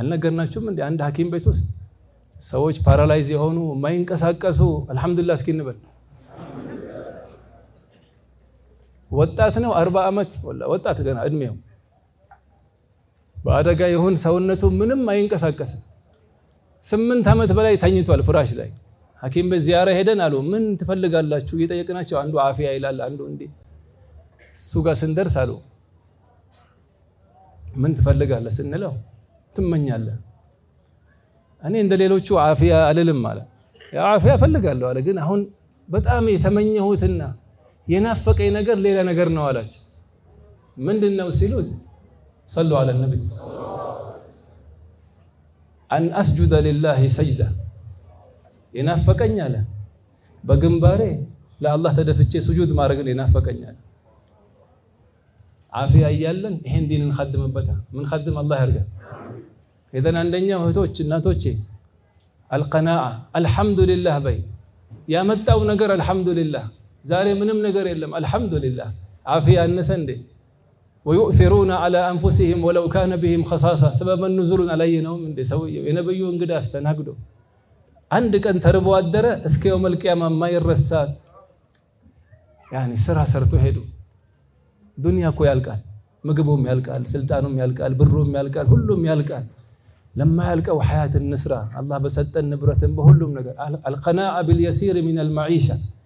አልነገርናችሁም? እንደ አንድ ሐኪም ቤት ውስጥ ሰዎች ፓራላይዝ የሆኑ የማይንቀሳቀሱ አልሐምዱሊላህ እስኪ እንበል። ወጣት ነው አርባ ዓመት ወጣት ገና እድሜው በአደጋ ይሁን ሰውነቱ ምንም አይንቀሳቀስም። ስምንት ዓመት በላይ ተኝቷል ፍራሽ ላይ። ሐኪም ቤት ዚያራ ሄደን አሉ ምን ትፈልጋላችሁ? እየጠየቅናቸው አንዱ አፊያ ይላል፣ አንዱ እንዲህ። እሱ ጋር ስንደርስ አሉ ምን ትፈልጋለህ ስንለው ትመኛለህ። እኔ እንደ ሌሎቹ አፍያ አልልም አለ። አፍያ እፈልጋለሁ አለ። ግን አሁን በጣም የተመኘሁትና የናፈቀኝ ነገር ሌላ ነገር ነው አላች። ምንድን ነው ሲሉት፣ ሰሉ አለ ነቢይ አን አስጁደ ሊላህ ሰጅዳ የናፈቀኝ አለ በግንባሬ ለአላህ ተደፍቼ ስጁድ ማድረግን የናፈቀኝ አለ። አፍያ እያለን ይሄን ዲን እንኸድምበታ ምን ኸድም አላህ ያርገን። የዘን አንደኛው እህቶች እናቶቼ አልቀናአ አልሐምዱሊላህ በይ። ያመጣው ነገር አልሐምዱሊላህ። ዛሬ ምንም ነገር የለም አልሐምዱሊላህ። አፍያ አነሰ እንዴ? ወዩእፊሩና አላ አንፉሲህም ወለው ካነ ቢሂም ከሳሳ ሰበበን ኑዙሉን አላየነውም እንዴ? ሰውየው የነብዩ እንግዳ አስተናግዶ አንድ ቀን ተርቦ አደረ። እስከ የውመል ቂያማ የማይረሳ ያኔ ስራ ሰርቶ ሄዱ። ዱንያ እኮ ያልቃል፣ ምግቡም ያልቃል፣ ስልጣኑም ያልቃል፣ ብሩም ያልቃል፣ ሁሉም ያልቃል። لما ألقوا حياة النسرة الله بسدت النبرة بهلم نقر القناعة باليسير من المعيشة